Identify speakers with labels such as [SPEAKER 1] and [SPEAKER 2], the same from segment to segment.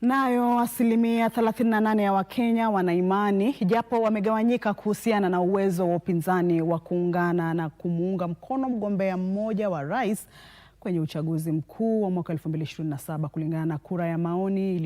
[SPEAKER 1] Nayo asilimia 38 ya Wakenya wana imani japo wamegawanyika kuhusiana na uwezo wa upinzani wa kuungana na kumuunga mkono mgombea mmoja wa rais kwenye uchaguzi mkuu wa mwaka 2027 kulingana na kura ya maoni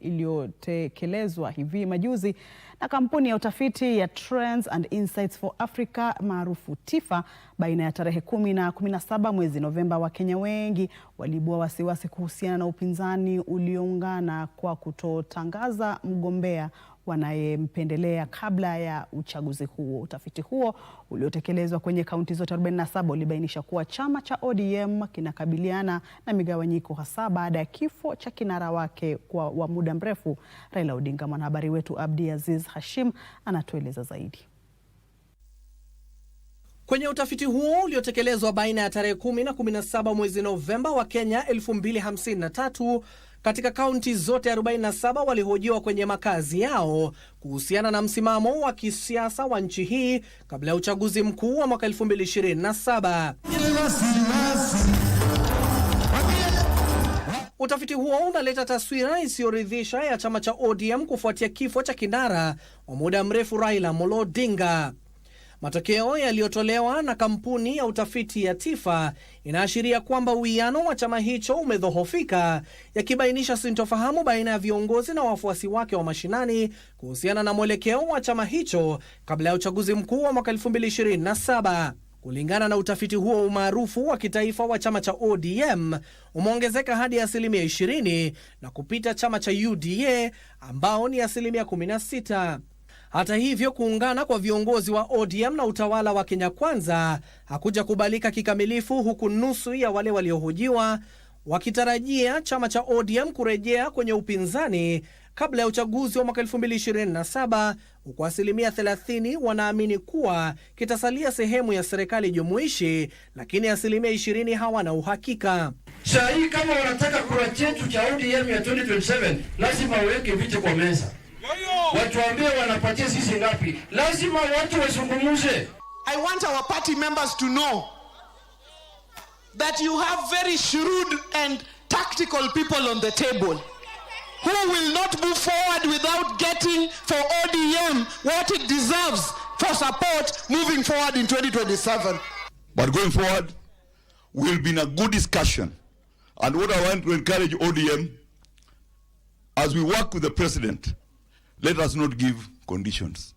[SPEAKER 1] iliyotekelezwa hivi majuzi na kampuni ya utafiti ya Trends and Insights for Africa maarufu TIFA baina ya tarehe kumi na 17 mwezi Novemba. Wakenya wengi waliibua wasiwasi kuhusiana na upinzani ulioungana kwa kutotangaza mgombea wanayempendelea kabla ya uchaguzi huo. Utafiti huo uliotekelezwa kwenye kaunti zote 47 ulibainisha kuwa chama cha ODM kinakabiliana na migawanyiko hasa baada ya kifo cha kinara wake kwa wa muda mrefu Raila Odinga. Mwanahabari wetu Abdi Aziz Hashim anatueleza zaidi. Kwenye utafiti huo uliotekelezwa baina ya tarehe 10 na 17 mwezi Novemba wa Kenya 2053 katika kaunti zote 47 walihojiwa kwenye makazi yao kuhusiana na msimamo wa kisiasa wa nchi hii kabla ya uchaguzi mkuu wa mwaka 2027. Utafiti huo unaleta taswira isiyoridhisha ya chama cha ODM kufuatia kifo cha kinara wa muda mrefu Raila Molo Odinga. Matokeo yaliyotolewa na kampuni ya utafiti ya TIFA inaashiria kwamba uwiano wa chama hicho umedhohofika, yakibainisha sintofahamu baina ya viongozi na wafuasi wake wa mashinani kuhusiana na mwelekeo wa chama hicho kabla ya uchaguzi mkuu wa mwaka 2027. Kulingana na utafiti huo, umaarufu wa kitaifa wa chama cha ODM umeongezeka hadi asilimia 20 na kupita chama cha UDA ambao ni asilimia 16. Hata hivyo, kuungana kwa viongozi wa ODM na utawala wa Kenya Kwanza hakuja kubalika kikamilifu, huku nusu ya wale waliohojiwa wakitarajia chama cha ODM kurejea kwenye upinzani kabla ya uchaguzi wa mwaka 2027 huku asilimia 30 wanaamini kuwa kitasalia sehemu ya serikali jumuishi, lakini asilimia 20 hawana uhakika.
[SPEAKER 2] Saa hii kama wanataka kura chetu cha ODM ya 2027 lazima waweke viti kwa meza. watuambie wanapatia sisi ngapi. Lazima watu wazungumuze.
[SPEAKER 3] I want our party members to know that you have very shrewd and tactical people on the table who will not move forward without getting for ODM what it deserves for support moving forward in 2027.
[SPEAKER 4] But going forward will be in a good discussion. And what I want to encourage ODM as we work with the president Let us not give conditions.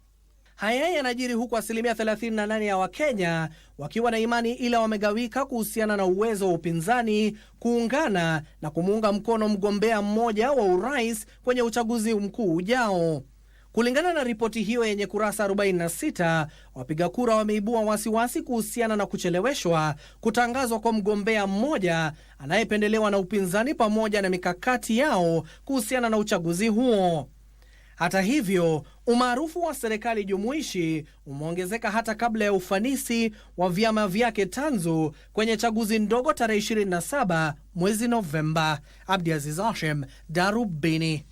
[SPEAKER 1] Haya yanajiri huku asilimia 38 ya Wakenya wakiwa na imani ila wamegawika kuhusiana na uwezo wa upinzani kuungana na kumuunga mkono mgombea mmoja wa urais kwenye uchaguzi mkuu ujao. Kulingana na ripoti hiyo yenye kurasa 46, wapiga kura wameibua wasiwasi kuhusiana na kucheleweshwa kutangazwa kwa mgombea mmoja anayependelewa na upinzani pamoja na mikakati yao kuhusiana na uchaguzi huo. Hata hivyo, umaarufu wa serikali jumuishi umeongezeka hata kabla ya ufanisi wa vyama vyake tanzu kwenye chaguzi ndogo tarehe 27 mwezi Novemba. Abdiaziz ashem Darubini.